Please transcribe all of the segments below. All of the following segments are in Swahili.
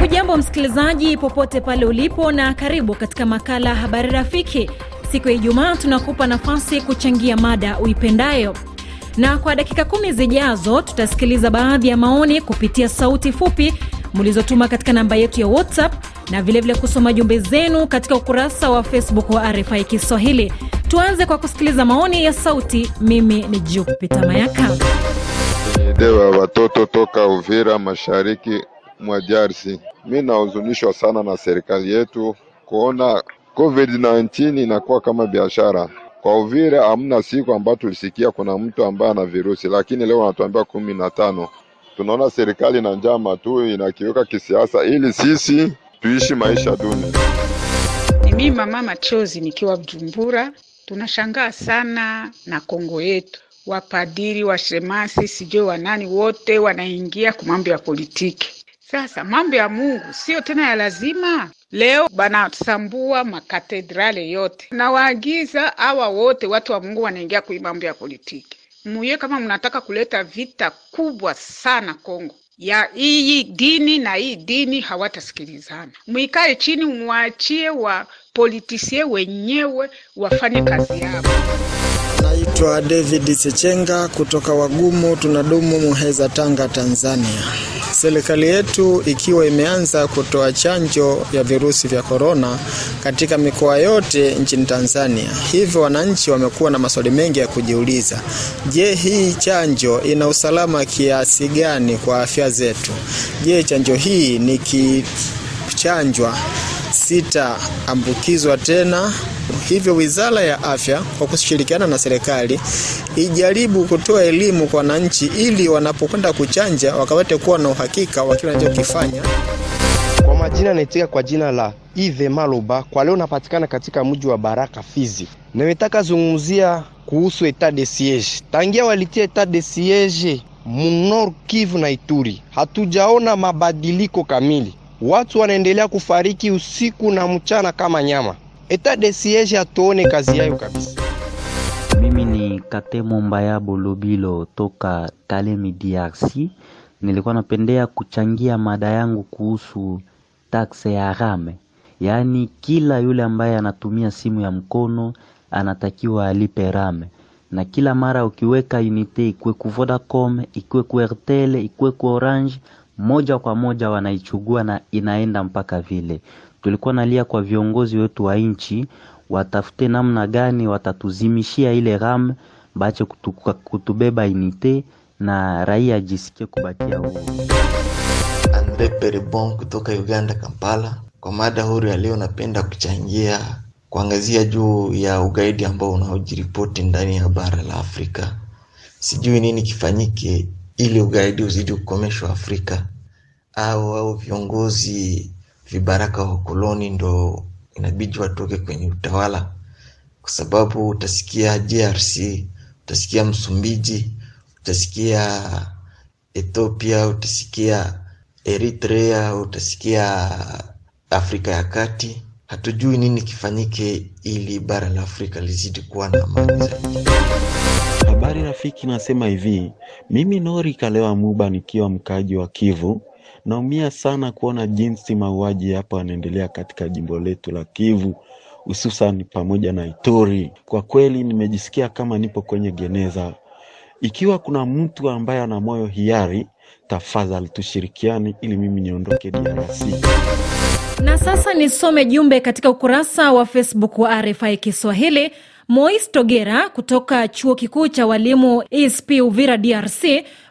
Hujambo msikilizaji, popote pale ulipo, na karibu katika makala Habari Rafiki. Siku ya Ijumaa tunakupa nafasi kuchangia mada uipendayo, na kwa dakika kumi zijazo tutasikiliza baadhi ya maoni kupitia sauti fupi mlizotuma katika namba yetu ya WhatsApp na vilevile vile kusoma jumbe zenu katika ukurasa wa Facebook wa RFI Kiswahili. Tuanze kwa kusikiliza maoni ya sauti. Mimi ni Jupita Mayaka. Idee wa watoto toka Uvira mashariki mwa DRC. Mi nahuzunishwa sana na serikali yetu kuona covid na inakuwa kama biashara kwa Uvira. Hamna siku ambayo tulisikia kuna mtu ambaye ana virusi, lakini leo wanatuambia kumi na tano. Tunaona serikali na njama tu inakiweka kisiasa ili sisi tuishi maisha duni. Ni mimi mama machozi nikiwa Bujumbura. Tunashangaa sana na Kongo yetu wapadiri, washemasi, sijui wanani, wote wanaingia kwa mambo ya politiki. Sasa mambo ya Mungu sio tena ya lazima. Leo banasambua makatedrale yote, nawaagiza awa wote watu wa Mungu wanaingia kui mambo ya politiki. Muye kama mnataka kuleta vita kubwa sana Kongo ya hii dini na hii dini hawatasikilizana. Mwikae chini, mwachie wa politisie wenyewe wafanye kazi yao. Naitwa David Sechenga kutoka Wagumu, tunadumu Muheza, Tanga, Tanzania. Serikali yetu ikiwa imeanza kutoa chanjo ya virusi vya korona katika mikoa yote nchini Tanzania, hivyo wananchi wamekuwa na maswali mengi ya kujiuliza. Je, hii chanjo ina usalama kiasi gani kwa afya zetu? Je, chanjo hii nikichanjwa sitaambukizwa tena? Hivyo Wizara ya Afya kwa kushirikiana na serikali ijaribu kutoa elimu kwa wananchi, ili wanapokwenda kuchanja wakawete kuwa na uhakika wa kile wanachokifanya. Kwa majina naitika kwa jina la Ive Maloba, kwa leo napatikana katika mji wa Baraka, Fizi. Nimetaka zungumzia kuhusu etat de siege. Tangia walitia etat de siege Munor Kivu na Ituri, hatujaona mabadiliko kamili. Watu wanaendelea kufariki usiku na mchana kama nyama eta de siege hatuone kazi yayo kabisa. Mimi ni Katemo Mbayabu Lubilo toka Kalemi DRC. Nilikuwa napendea kuchangia mada yangu kuhusu taxe ya rame yaani kila yule ambaye anatumia simu ya mkono anatakiwa alipe rame, na kila mara ukiweka unite, ikuwe ku Vodacom, ikwe ku Airtel, ku Orange, moja kwa moja wanaichugua na inaenda mpaka vile tulikuwa nalia kwa viongozi wetu wa nchi watafute namna gani watatuzimishia ile ram bache kutu, kutubeba inite na raia jisikie kubakia huu Andre Peribon kutoka Uganda, Kampala. Kwa mada huru ya leo, napenda kuchangia kuangazia juu ya ugaidi ambao unaojiripoti ndani ya bara la Afrika. Sijui nini kifanyike ili ugaidi uzidi kukomeshwa Afrika, au au viongozi vibaraka wa ukoloni ndo inabidi watoke kwenye utawala, kwa sababu utasikia DRC, utasikia Msumbiji, utasikia Ethiopia, utasikia Eritrea, utasikia Afrika ya Kati. Hatujui nini kifanyike ili bara la Afrika lizidi kuwa na amani zaidi. Habari rafiki, nasema hivi, mimi Nori Kalewa Muba nikiwa mkaaji wa Kivu Naumia sana kuona jinsi mauaji hapa yanaendelea katika jimbo letu la Kivu hususan pamoja na Ituri. Kwa kweli nimejisikia kama nipo kwenye geneza. Ikiwa kuna mtu ambaye ana moyo hiari, tafadhali tushirikiane ili mimi niondoke DRC. Na sasa nisome jumbe katika ukurasa wa Facebook wa RFI Kiswahili. Mois Togera kutoka chuo kikuu cha walimu ISP e Uvira, DRC.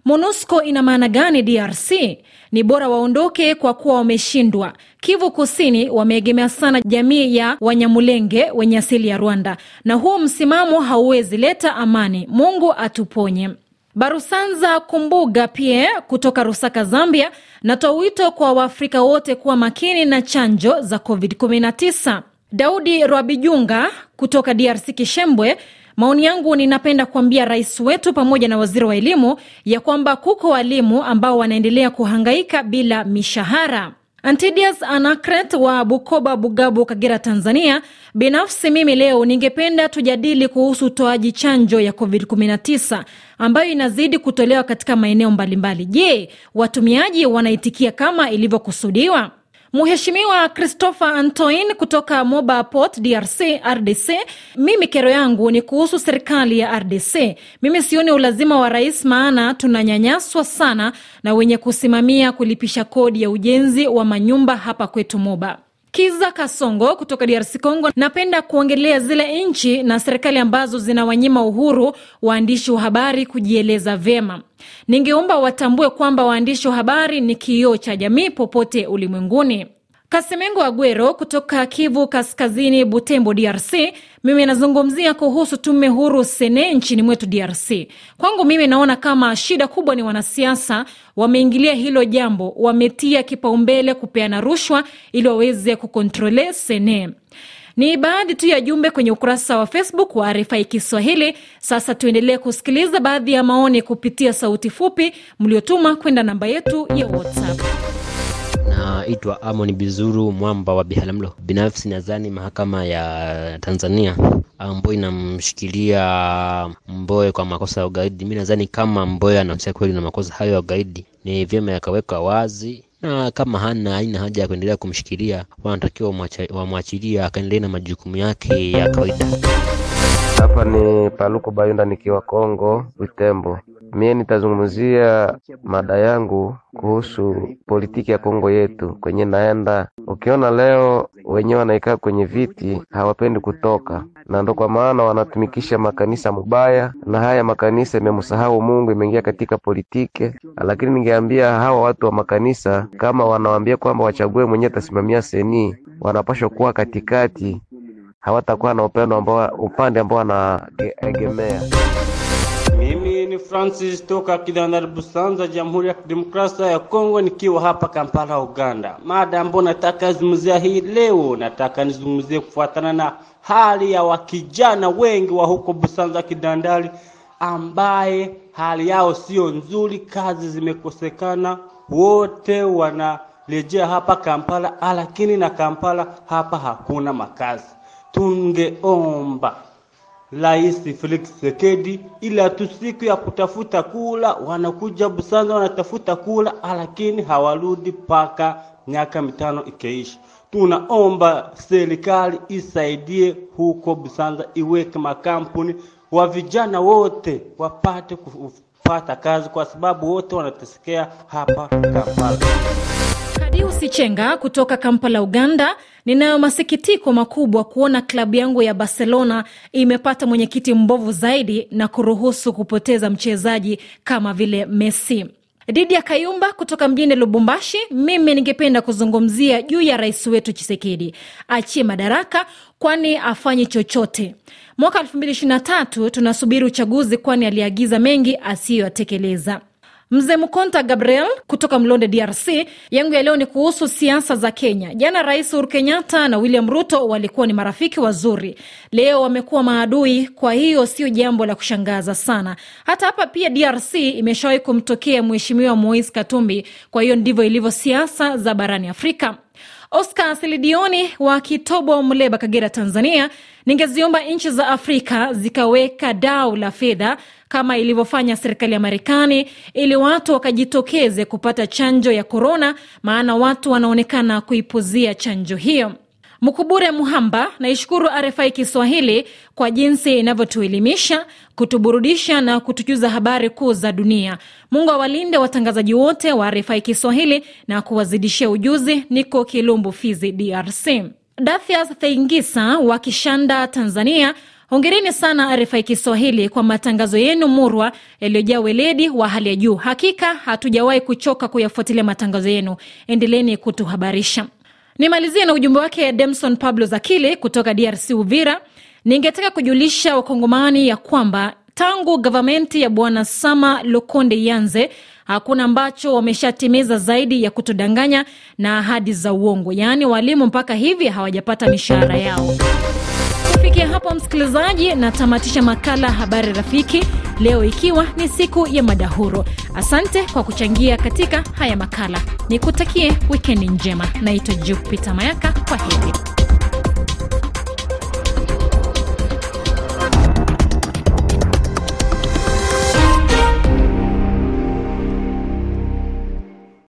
MONUSCO ina maana gani DRC? ni bora waondoke kwa kuwa wameshindwa. Kivu Kusini wameegemea sana jamii ya Wanyamulenge wenye asili ya Rwanda, na huu msimamo hauwezi leta amani. Mungu atuponye. Barusanza Kumbuga pia kutoka Rusaka, Zambia, natoa wito kwa Waafrika wote kuwa makini na chanjo za COVID-19. Daudi Rwabijunga kutoka DRC Kishembwe Maoni yangu ninapenda kuambia rais wetu pamoja na waziri wa elimu ya kwamba kuko walimu ambao wanaendelea kuhangaika bila mishahara. Antidias Anacret wa Bukoba, Bugabu, Kagera, Tanzania. Binafsi mimi leo ningependa tujadili kuhusu utoaji chanjo ya COVID-19 ambayo inazidi kutolewa katika maeneo mbalimbali. Je, watumiaji wanaitikia kama ilivyokusudiwa? Mheshimiwa Christopher Antoine kutoka Moba Port DRC RDC, mimi kero yangu ni kuhusu serikali ya RDC. Mimi sioni ulazima wa rais, maana tunanyanyaswa sana na wenye kusimamia kulipisha kodi ya ujenzi wa manyumba hapa kwetu Moba. Kiza Kasongo kutoka DRC Congo. Napenda kuongelea zile nchi na serikali ambazo zinawanyima uhuru waandishi wa habari kujieleza vyema. Ningeomba watambue kwamba waandishi wa habari ni kioo cha jamii popote ulimwenguni. Kasemengo Agwero kutoka Kivu Kaskazini, Butembo, DRC. Mimi nazungumzia kuhusu tume huru Sene nchini mwetu DRC. Kwangu mimi naona kama shida kubwa ni wanasiasa wameingilia hilo jambo, wametia kipaumbele kupeana rushwa ili waweze kukontrole Sene. Ni baadhi tu ya jumbe kwenye ukurasa wa Facebook wa RFI Kiswahili. Sasa tuendelee kusikiliza baadhi ya maoni kupitia sauti fupi mliotuma kwenda namba yetu ya WhatsApp. Naitwa Amon Bizuru Mwamba wa bihalamlo Binafsi nadhani mahakama ya Tanzania ambayo ah, inamshikilia mboe kwa makosa ya ugaidi, mimi nadhani kama mboe anahusia kweli na makosa hayo ya ugaidi, ni vyema yakaweka wazi na kama hana haina haja ya kuendelea kumshikilia, wanatakiwa wamwachilia akaendelee na majukumu yake ya kawaida. Hapa ni paluko Bayunda nikiwa Kongo Butembo. Mie nitazungumzia mada yangu kuhusu politiki ya Kongo yetu kwenye naenda. Ukiona leo wenyewe wanaikaa kwenye viti hawapendi kutoka, na ndo kwa maana wanatumikisha makanisa mubaya, na haya makanisa imemsahau Mungu, imeingia katika politike. Lakini ningeambia hawa watu wa makanisa, kama wanawambia kwamba wachague mwenyewe atasimamia seni, wanapashwa kuwa katikati hawatakuwa na upendo ambao upande ambao wanaegemea. Mimi ni Francis toka Kidandari Busanza, Jamhuri ya Kidemokrasia ya Kongo, nikiwa hapa Kampala, Uganda. Mada ambayo nataka zungumzia hii leo, nataka nizungumzie kufuatana na hali ya wakijana wengi wa huko Busanza Kidandari, ambaye hali yao sio nzuri, kazi zimekosekana, wote wanarejea hapa Kampala, lakini na Kampala hapa hakuna makazi tungeomba Rais Felix Tshisekedi, ili hatu siku ya kutafuta kula, wanakuja Busanza wanatafuta kula, lakini hawarudi mpaka miaka mitano ikeishi. Tunaomba serikali isaidie huko Busanza, iweke makampuni wa vijana wote wapate kupata kazi, kwa sababu wote wanatesekea hapa Kampala. Kadiusi Chenga kutoka Kampala, Uganda. Ninayo masikitiko makubwa kuona klabu yangu ya Barcelona imepata mwenyekiti mbovu zaidi na kuruhusu kupoteza mchezaji kama vile Messi. Didi ya Kayumba kutoka mjini Lubumbashi. Mimi ningependa kuzungumzia juu ya rais wetu Chisekedi achie madaraka, kwani afanye chochote. Mwaka 223 tunasubiri uchaguzi, kwani aliagiza mengi asiyoyatekeleza. Mzee Mkonta Gabriel kutoka Mlonde, DRC. Yangu ya leo ni kuhusu siasa za Kenya. Jana Rais Uhuru Kenyatta na William Ruto walikuwa ni marafiki wazuri, leo wamekuwa maadui, kwa hiyo sio jambo la kushangaza sana. Hata hapa pia DRC imeshawahi kumtokea Mheshimiwa mois Katumbi, kwa hiyo ndivyo ilivyo siasa za barani Afrika. Oscar Silidioni wa Kitobo, mleba Kagera, Tanzania. Ningeziomba nchi za Afrika zikaweka dau la fedha kama ilivyofanya serikali ya Marekani ili watu wakajitokeze kupata chanjo ya korona, maana watu wanaonekana kuipuzia chanjo hiyo mkubure Muhamba naishukuru RFI Kiswahili kwa jinsi inavyotuelimisha, kutuburudisha na kutujuza habari kuu za dunia. Mungu awalinde watangazaji wote wa RFI Kiswahili na kuwazidishia ujuzi. Niko Kilumbu, Fizi, DRC. Dathias Theingisa wa Kishanda, Tanzania, Hongereni sana RFI Kiswahili kwa matangazo yenu murwa yaliyojaa weledi wa hali ya juu. Hakika hatujawahi kuchoka kuyafuatilia matangazo yenu. endeleni kutuhabarisha. Nimalizie na ujumbe wake Demson Pablo Zakili kutoka DRC Uvira. Ningetaka kujulisha wakongomani ya kwamba tangu gavamenti ya bwana Sama Lukonde ianze hakuna ambacho wameshatimiza zaidi ya kutodanganya na ahadi za uongo. Yaani walimu mpaka hivi hawajapata mishahara yao kufikia hapo, msikilizaji, natamatisha makala Habari Rafiki leo, ikiwa ni siku ya madahuru Asante kwa kuchangia katika haya makala, nikutakie wikendi njema. Naitwa jupite Mayaka, kwa heri.